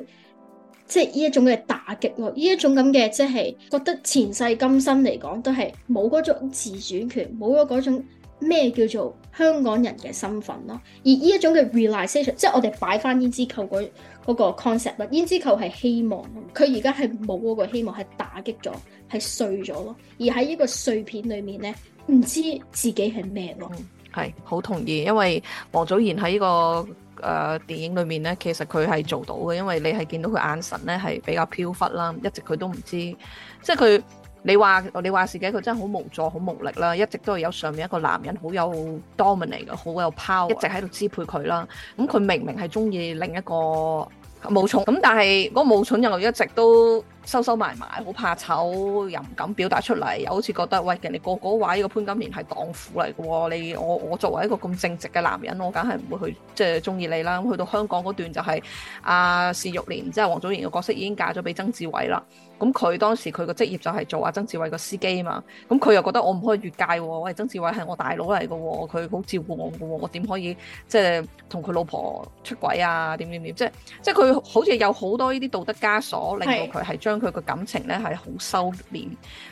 即係呢一種嘅打擊咯，呢一種咁嘅即係覺得前世今生嚟講都係冇嗰種自主權，冇咗嗰種咩叫做香港人嘅身份咯。而呢一種嘅 realization，即係我哋擺翻胭脂扣嗰個 concept 咯，胭脂扣係希望，佢而家係冇嗰個希望，係打擊咗，係碎咗咯。而喺呢個碎片裏面咧，唔知自己係咩咯。嗯。係好同意，因為王祖賢喺呢個誒、呃、電影裏面呢，其實佢係做到嘅，因為你係見到佢眼神呢係比較飄忽啦，一直佢都唔知，即係佢你話你話事嘅，佢真係好無助、好無力啦，一直都係有上面一個男人好有 dominate 嘅，好有 power，一直喺度支配佢啦。咁佢明明係鍾意另一個。冇寵咁，但係嗰冇寵又一直都收收埋埋，好怕醜，又唔敢表達出嚟，又好似覺得，喂，人哋個個話呢個潘金蓮係蕩婦嚟嘅喎，你我我作為一個咁正直嘅男人，我梗係唔會去即係中意你啦。咁去到香港嗰段就係阿是、呃、玉蓮即係王祖賢嘅角色已經嫁咗俾曾志偉啦。咁佢當時佢個職業就係做阿曾志偉個司機啊嘛，咁佢又覺得我唔可以越界喎、啊，喂，曾志偉係我大佬嚟嘅喎，佢好照顧我嘅喎、啊，嗯、我點可以即係同佢老婆出軌啊？點點點，即係即係佢好似有好多呢啲道德枷鎖，令到佢係將佢個感情咧係好收斂，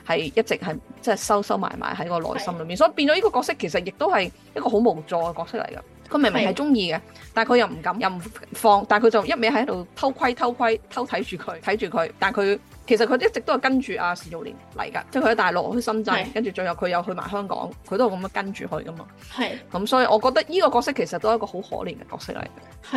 係是一直係即係收收埋埋喺個內心裏面，是所以變咗呢個角色其實亦都係一個好無助嘅角色嚟嘅。佢明明係中意嘅，是但係佢又唔敢又唔放，但係佢就一味喺度偷窺偷窺偷睇住佢睇住佢，但係佢。其實佢一直都係跟住阿史玉蓮嚟㗎，即係佢喺大陸、去深圳，是跟住最後佢又去埋香港，佢都係咁樣跟住去㗎嘛。係是，咁、嗯、所以我覺得呢個角色其實都係一個好可憐嘅角色嚟嘅。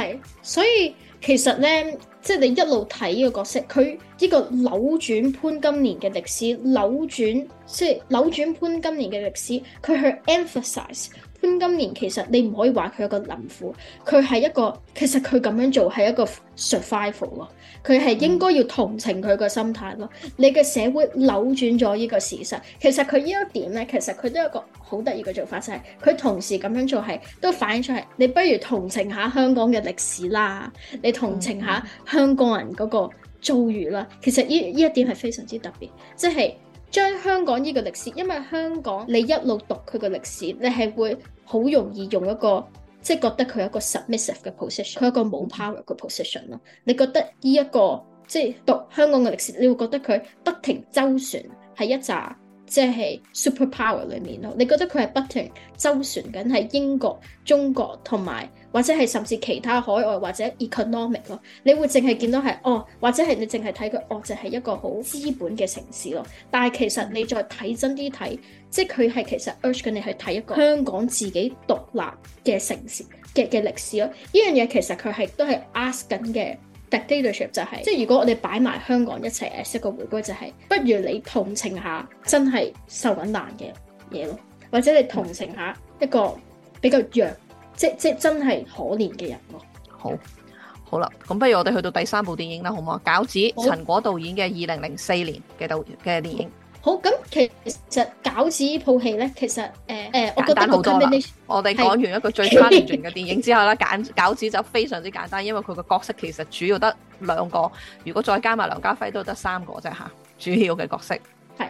係，所以其實呢，即係你一路睇呢個角色，佢呢個扭轉潘金蓮嘅歷史，扭轉。即係扭轉潘金蓮嘅歷史，佢去 emphasize 潘金蓮，其實你唔可以話佢係一個淫婦，佢係一個其實佢咁樣做係一個 survival 咯，佢係應該要同情佢個心態咯。嗯、你嘅社會扭轉咗呢個事實，其實佢呢一點咧，其實佢都有一個好得意嘅做法，就係佢同時咁樣做係都反映出係你不如同情下香港嘅歷史啦，你同情下香港人嗰個遭遇啦。嗯嗯，其實呢，呢一點係非常之特別，即係。將香港呢個歷史，因為香港你一路讀佢個歷史，你係會好容易用一個即係覺得佢有一個 submissive 嘅 position，佢係一個冇 power 嘅 position 咯。你覺得呢、這、一個即係讀香港嘅歷史，你會覺得佢不停周旋喺一紮即係 superpower 裏面咯。你覺得佢係不停周旋緊喺英國、中國同埋。或者係甚至其他海外或者 economic 咯，你會淨係見到係哦，或者係你淨係睇佢哦，就係、是、一個好資本嘅城市咯。但係其實你再睇真啲睇，即係佢係其實 urge 緊你去睇一個香港自己獨立嘅城市嘅嘅歷史咯。呢樣嘢其實佢係都係 ask 緊嘅 data leadership 就係、是、即係如果我哋擺埋香港一齊嚟一個回歸，就係、是、不如你同情下真係受緊難嘅嘢咯，或者你同情下一個比較弱。即即真係可憐嘅人咯、啊。好，好啦，咁不如我哋去到第三部電影啦，好唔好？「餃子」，陳果導演嘅二零零四年嘅導嘅電影。好，咁其實餃子戲呢套戲咧，其實誒誒、呃，我覺得簡單好多是我哋講完一個最差勁嘅電影之後咧，簡餃 子就非常之簡單，因為佢個角色其實主要得兩個，如果再加埋梁家輝都得三個啫吓，主要嘅角色係。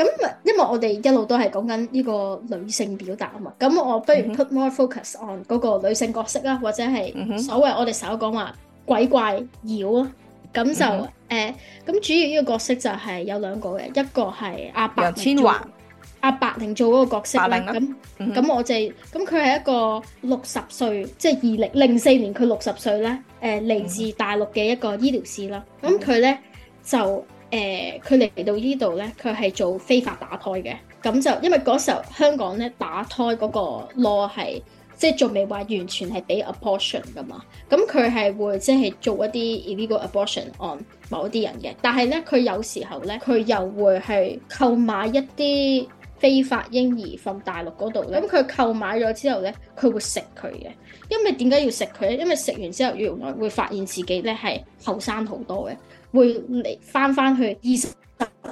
咁，因為我哋一路都係講緊呢個女性表達啊嘛，咁我不如 put more focus on 嗰個女性角色啦，或者係所謂我哋首講話鬼怪妖啊，咁就誒，咁、嗯哼呃、主要呢個角色就係有兩個嘅，一個係阿白千嬅，慧阿白靈做嗰個角色咧，咁咁我哋咁佢係一個六十歲，即係二零零四年佢六十歲咧，誒、呃、嚟自大陸嘅一個醫療師啦，咁佢咧就。誒，佢嚟、呃、到呢度咧，佢係做非法打胎嘅。咁就因為嗰時候香港咧打胎嗰個 law 係即係仲未話完全係俾 abortion 噶嘛。咁佢係會即係、就是、做一啲 illegal abortion on 某一啲人嘅。但係咧，佢有時候咧，佢又會係購買一啲非法嬰兒放大陸嗰度。咁佢購買咗之後咧，佢會食佢嘅。因為點解要食佢咧？因為食完之後原來會發現自己咧係後生好多嘅。會嚟翻翻去二十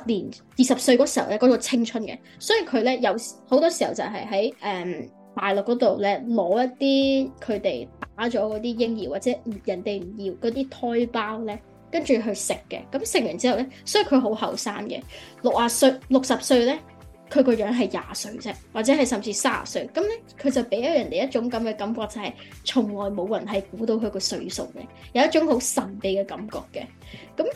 年二十歲嗰時候咧，嗰、嗰個青春嘅。所以佢咧有好多時候就係喺誒大陸嗰度咧攞一啲佢哋打咗嗰啲嬰兒或者人哋唔要嗰啲胎包咧，跟住去食嘅。咁食完之後咧，所以佢好後生嘅，六啊歲六十歲咧。佢個樣係廿歲啫，或者係甚至三十歲，咁咧佢就俾咗人哋一種咁嘅感覺，就係從來冇人係估到佢個歲數嘅，有一種好神秘嘅感覺嘅。咁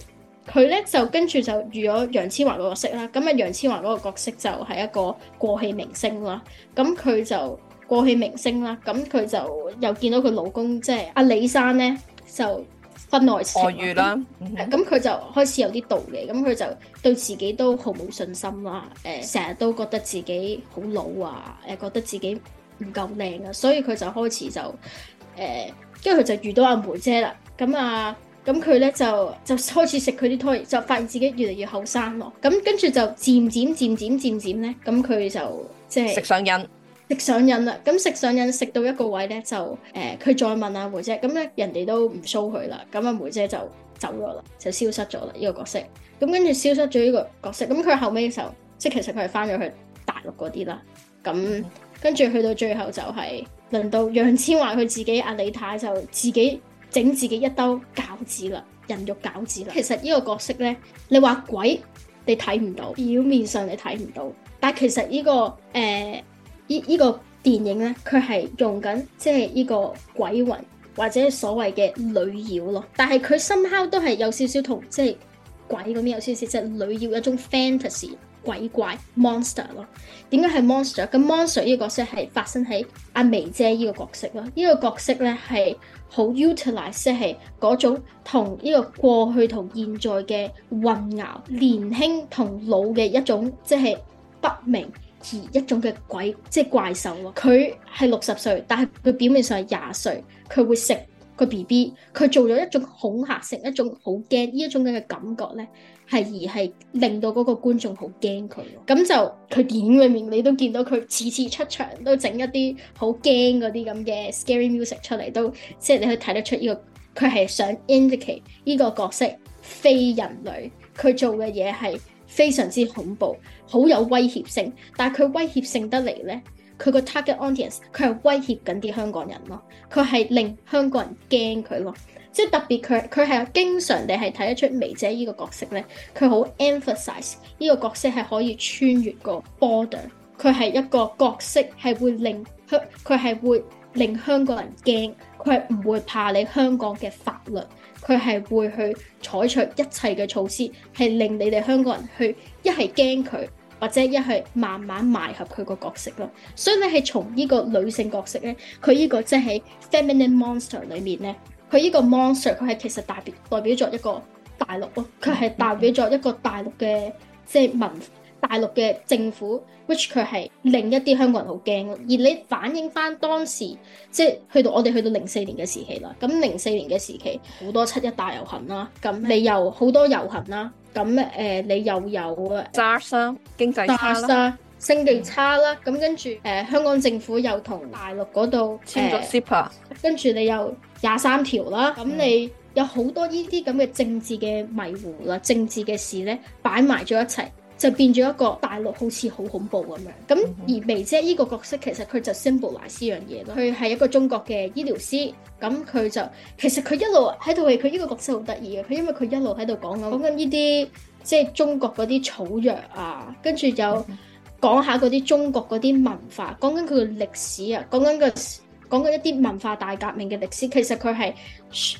佢咧就跟住就遇咗楊千嬅個角色啦。咁啊，楊千嬅嗰個角色就係一個過氣明星啦。咁佢就過氣明星啦。咁佢就又見到佢老公即係阿李生咧，就。婚外情，外遇啦、嗯。咁佢、嗯嗯、就開始有啲道嘅，咁佢就對自己都好冇信心啦。誒、欸，成日都覺得自己好老啊，誒、欸，覺得自己唔夠靚啊，所以佢就開始就誒，跟住佢就遇到阿梅姐啦。咁啊，咁佢咧就就開始食佢啲胎，就發現自己越嚟越後生咯。咁跟住就漸漸漸漸漸漸咧，咁佢就即係食上癮。食上癮啦，咁食上癮食到一個位呢，就誒，佢、呃、再問阿梅姐，咁、嗯、咧人哋都唔 show 佢啦，咁、嗯、阿梅姐就走咗啦，就消失咗啦呢個角色。咁跟住消失咗呢個角色，咁、嗯、佢後尾嘅時候，即係其實佢係翻咗去大陸嗰啲啦。咁跟住去到最後就係、是、輪到楊千嬅佢自己阿李太就自己整自己一兜餃子啦，人肉餃子啦。其實呢個角色呢，你話鬼你睇唔到，表面上你睇唔到，但係其實呢、這個誒。呃依依個電影咧，佢係用緊即係呢個鬼魂或者所謂嘅女妖咯。但係佢 somehow 都係有少少同即係鬼嗰邊有少少即係女妖一種 fantasy 鬼怪 monster 咯。點解係 monster？咁 monster 呢個角色係發生喺阿眉姐呢個角色咯。呢、這個角色咧係好 utilize 即係嗰種同呢個過去同現在嘅混淆，年輕同老嘅一種即係不明。而一種嘅鬼，即係怪獸咯。佢係六十歲，但係佢表面上係廿歲。佢會食個 B B，佢做咗一種恐嚇性，一種好驚，呢一種咁嘅感覺咧，係而係令到嗰個觀眾好驚佢。咁就佢電影裏面你都見到佢次次出場都整一啲好驚嗰啲咁嘅 scary music 出嚟，都即係你可以睇得出呢個佢係想 indicate 呢個角色非人類，佢做嘅嘢係。非常之恐怖，好有威脅性。但係佢威脅性得嚟呢，佢個 target audience 佢係威脅緊啲香港人咯。佢係令香港人驚佢咯。即係特別佢，佢係經常地係睇得出眉姐呢個角色呢，佢好 emphasize 呢個角色係可以穿越個 border。佢係一個角色係會令香，佢係會令香港人驚，佢係唔會怕你香港嘅法律。佢係會去採取一切嘅措施，係令你哋香港人去一係驚佢，或者一係慢慢埋合佢個角色咯。所以咧，係從呢個女性角色咧，佢呢個即係 feminine monster 裏面咧，佢呢個 monster 佢係其實代表代表咗一個大陸咯，佢係代表咗一個大陸嘅即係文。大陸嘅政府，which 佢係令一啲香港人好驚，而你反映翻當時，即係去到我哋去到零四年嘅時期啦。咁零四年嘅時期好多七一大遊行啦，咁你又好多遊行啦，咁誒、呃、你又有扎商經濟差啦，經濟差啦，咁、嗯、跟住誒、呃、香港政府又同大陸嗰度、呃、簽咗 CEPA，跟住你又廿三條啦，咁你、嗯、有好多呢啲咁嘅政治嘅迷糊啦，政治嘅事呢，擺埋咗一齊。就變咗一個大陸好似好恐怖咁樣，咁而媚姐依個角色其實佢就 symbolize 依樣嘢咯。佢係一個中國嘅醫療師，咁佢就其實佢一路喺度，佢依個角色好得意嘅。佢因為佢一路喺度講講緊依啲即係中國嗰啲草藥啊，跟住就講下嗰啲中國嗰啲文化，講緊佢嘅歷史啊，講緊個講緊一啲文化大革命嘅歷史。其實佢係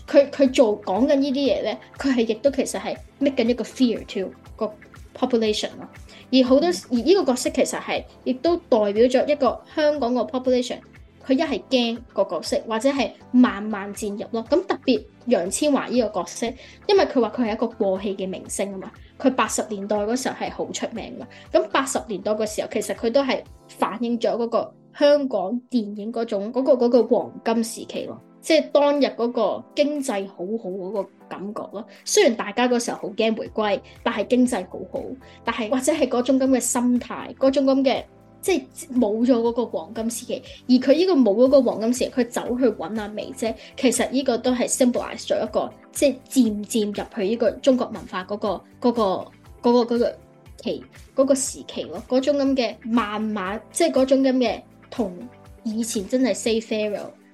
佢佢做講緊依啲嘢咧，佢係亦都其實係 make 緊一個 fear to 個 population 咯，而好多而呢個角色其實係，亦都代表咗一個香港個 population。佢一係驚個角色，或者係慢慢漸入咯。咁特別楊千嬅呢個角色，因為佢話佢係一個過氣嘅明星啊嘛。佢八十年代嗰時候係好出名噶。咁八十年代嗰時候，其實佢都係反映咗嗰個香港電影嗰種嗰個嗰個黃金時期咯。即係當日嗰個經濟好好嗰個感覺咯，雖然大家嗰時候好驚回歸，但係經濟好好，但係或者係嗰種咁嘅心態，嗰種咁嘅即係冇咗嗰個黃金時期，而佢呢個冇嗰個黃金時期，佢走去揾阿美姐，其實呢個都係 symbolize 咗一個即係漸漸入去呢個中國文化嗰個、嗰個、嗰個、嗰個、嗰個期嗰個、嗰個嗰個時期咯，嗰種咁嘅慢慢即係嗰種咁嘅同以前真係 say farewell。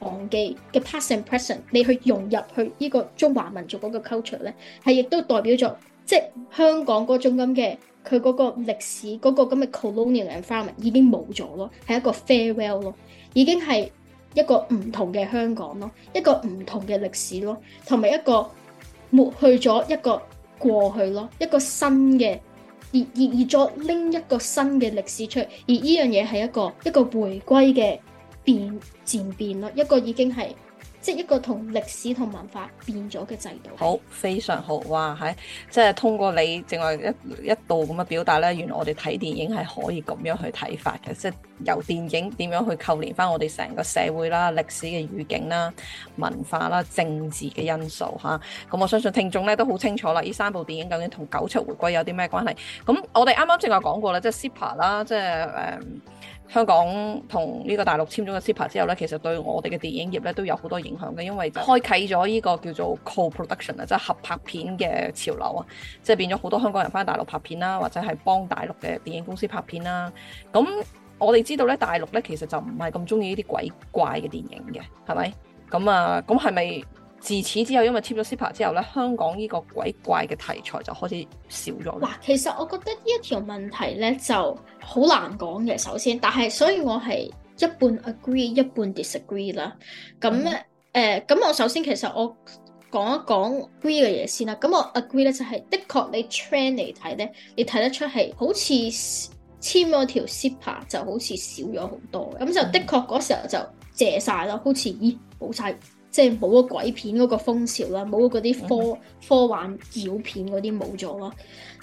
忘記嘅 past and present 你去融入去呢個中華民族嗰個 culture 咧，係亦都代表咗即係香港嗰種咁嘅佢嗰個歷史嗰、嗰個咁嘅 colonial environment 已經冇咗咯，係一個 farewell 咯，已經係一個唔同嘅香港咯，一個唔同嘅歷史咯，同埋一個抹去咗一個過去咯，一個新嘅而而而再拎一個新嘅歷史出嚟，而呢樣嘢係一個一個回歸嘅。變漸變咯，一個已經係即係一個同歷史同文化變咗嘅制度。好，非常好哇！係即係通過你淨係一一度咁嘅表達呢。原來我哋睇電影係可以咁樣去睇法嘅，即係由電影點樣去扣連翻我哋成個社會啦、歷史嘅語境啦、文化啦、政治嘅因素吓。咁、嗯、我相信聽眾呢都好清楚啦，呢三部電影究竟同九七回歸有啲咩關係？咁、嗯、我哋啱啱正話講過即啦，即係 s i p a r 啦，即係誒。香港同呢個大陸簽咗個 CPA 之後呢，其實對我哋嘅電影業呢都有好多影響嘅，因為開啟咗呢個叫做 co-production 啊，即係合拍片嘅潮流啊，即係變咗好多香港人返大陸拍片啦，或者係幫大陸嘅電影公司拍片啦。咁我哋知道呢，大陸呢其實就唔係咁中意呢啲鬼怪嘅電影嘅，係咪？咁啊，咁係咪？自此之後，因為貼咗 SIPA 之後咧，香港呢個鬼怪嘅題材就開始少咗。嗱，其實我覺得呢一條問題咧就好難講嘅。首先，但係所以我係一半 agree 一半 disagree 啦。咁咧，誒、嗯，咁、呃、我首先其實我講一講 agree 嘅嘢先啦。咁我 agree 咧就係、是、的確你 trend 嚟睇咧，你睇得出係好似簽咗條 SIPA 就好似少咗好多。咁、嗯、就的確嗰時候就借晒咯，好似咦冇曬。即係冇咗鬼片嗰個風潮啦，冇咗嗰啲科、mm hmm. 科幻妖片嗰啲冇咗啦。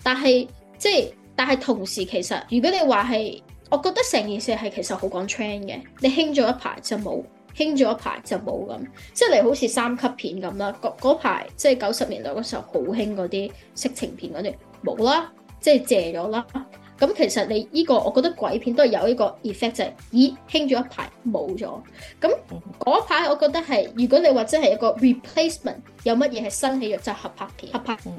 但係即係，但係同時其實，如果你話係，我覺得成件事係其實好講 trend 嘅。你興咗一排就冇，興咗一排就冇咁。即係你好似三級片咁啦，嗰排即係九十年代嗰時候好興嗰啲色情片嗰啲冇啦，即係謝咗啦。就是咁其實你呢個，我覺得鬼片都係有依個 effect，就係咦興咗一排冇咗。咁嗰排我覺得係，如果你或者係一個 replacement，有乜嘢係新起嘅就合拍片，合拍片、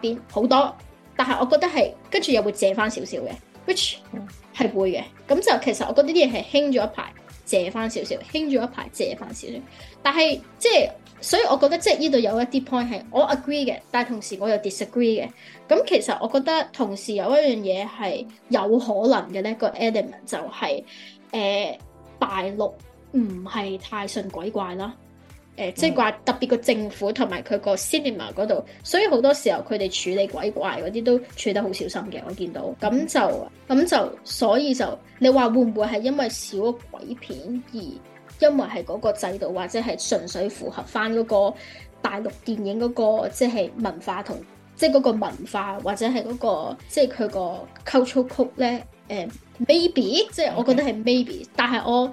mm，好、hmm. 多。但係我覺得係跟住又會借翻少少嘅，which 係、mm hmm. 會嘅。咁就其實我覺得呢啲嘢係興咗一排，借翻少少，興咗一排借翻少少。但係即係。所以我覺得即係呢度有一啲 point 係，我 agree 嘅，但係同時我又 disagree 嘅。咁其實我覺得同時有一樣嘢係有可能嘅咧，個 element 就係誒大陸唔係太信鬼怪啦。誒、呃、即係話特別個政府同埋佢個 cinema 嗰度，所以好多時候佢哋處理鬼怪嗰啲都處理得好小心嘅。我見到咁就咁就，所以就你話會唔會係因為少咗鬼片而？因為係嗰個制度，或者係純粹符合翻嗰個大陸電影嗰、那個即係、就是、文化同即係嗰個文化，或者係嗰、那個即係佢個 culture code 呢？誒 maybe 即係我覺得係 maybe 但係我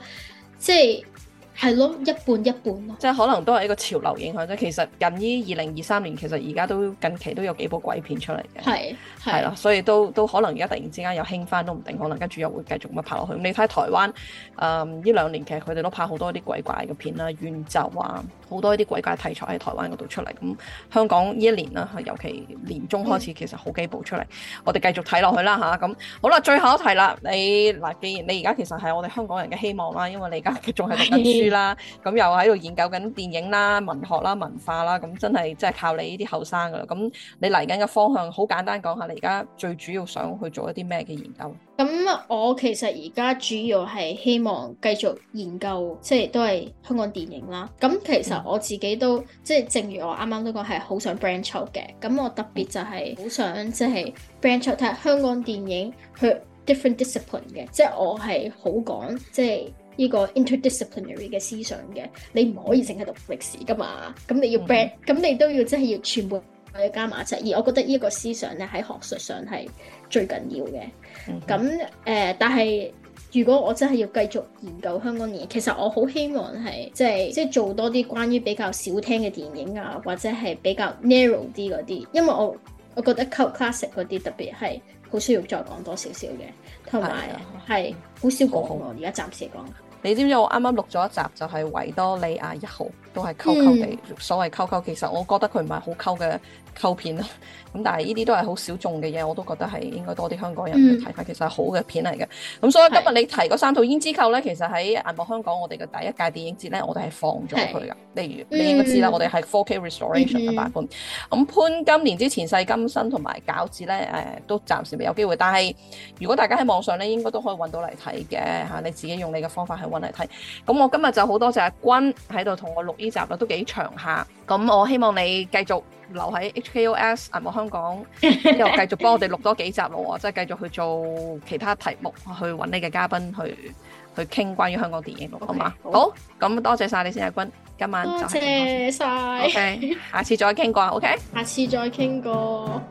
即係。就是係咯，一半一半咯，即係可能都係一個潮流影響啫。其實近於二零二三年，其實而家都近期都有幾部鬼片出嚟嘅，係係咯，所以都都可能而家突然之間又興翻都唔定，可能跟住又會繼續咁樣拍落去。你睇台灣誒呢、嗯、兩年其實佢哋都拍好多啲鬼怪嘅片啦、怨咒啊，好多啲鬼怪題材喺台灣嗰度出嚟。咁香港呢一年啦，尤其年中開始，嗯、其實好幾部出嚟，我哋繼續睇落去啦吓，咁、啊、好啦，最後一題啦，你嗱既然你而家其實係我哋香港人嘅希望啦，因為你而家仲係讀緊書。 啦，咁又喺度研究緊電影啦、文學啦、文化啦，咁真係即係靠你呢啲後生噶啦。咁你嚟緊嘅方向，好簡單講下，你而家最主要想去做一啲咩嘅研究？咁我其實而家主要係希望繼續研究，即係都係香港電影啦。咁其實我自己都即係，正如我啱啱都講，係好想 branch out 嘅。咁我特別就係好想即係 branch out 睇香港電影去 different discipline 嘅，即係我係好講即係。呢個 interdisciplinary 嘅思想嘅，你唔可以淨係讀歷史噶嘛？咁你要 bread，咁、嗯、哼你都要即係要全部要加埋一齊。而我覺得呢一個思想咧喺學術上係最緊要嘅。咁誒、嗯哼呃，但係如果我真係要繼續研究香港嘅嘢，其實我好希望係即係即係做多啲關於比較少聽嘅電影啊，或者係比較 narrow 啲嗰啲，因為我我覺得 cult classic 嗰啲特別係。好需要再講多少少嘅，同埋係好少講喎。而家暫時講，你知唔知我啱啱錄咗一集就係《維多利亞一號》？都係溝溝地，嗯、所謂溝溝，其實我覺得佢唔係好溝嘅溝片啦。咁但係呢啲都係好小眾嘅嘢，我都覺得係應該多啲香港人去睇。但、嗯、其實係好嘅片嚟嘅。咁所以今日你提嗰三套胭脂扣咧，其實喺銀幕香港，我哋嘅第一屆電影節咧，我哋係放咗佢噶。例、嗯、如你應該知啦，我哋係 four K restoration 嘅版本。咁、嗯嗯、潘金蓮之前世今生同埋餃子咧，誒、呃、都暫時未有機會。但係如果大家喺網上咧，應該都可以揾到嚟睇嘅嚇。你自己用你嘅方法去揾嚟睇。咁我今日就好多謝阿君喺度同我錄。呢集咯都幾長下，咁我希望你繼續留喺 HKOS，銀幕香港，又後繼續幫我哋錄多幾集咯， 即係繼續去做其他題目，去揾你嘅嘉賓去去傾關於香港電影咯，okay，好嗎？好，咁多謝晒你先，阿君，今晚多謝晒，下次再傾過，OK？下次再傾過。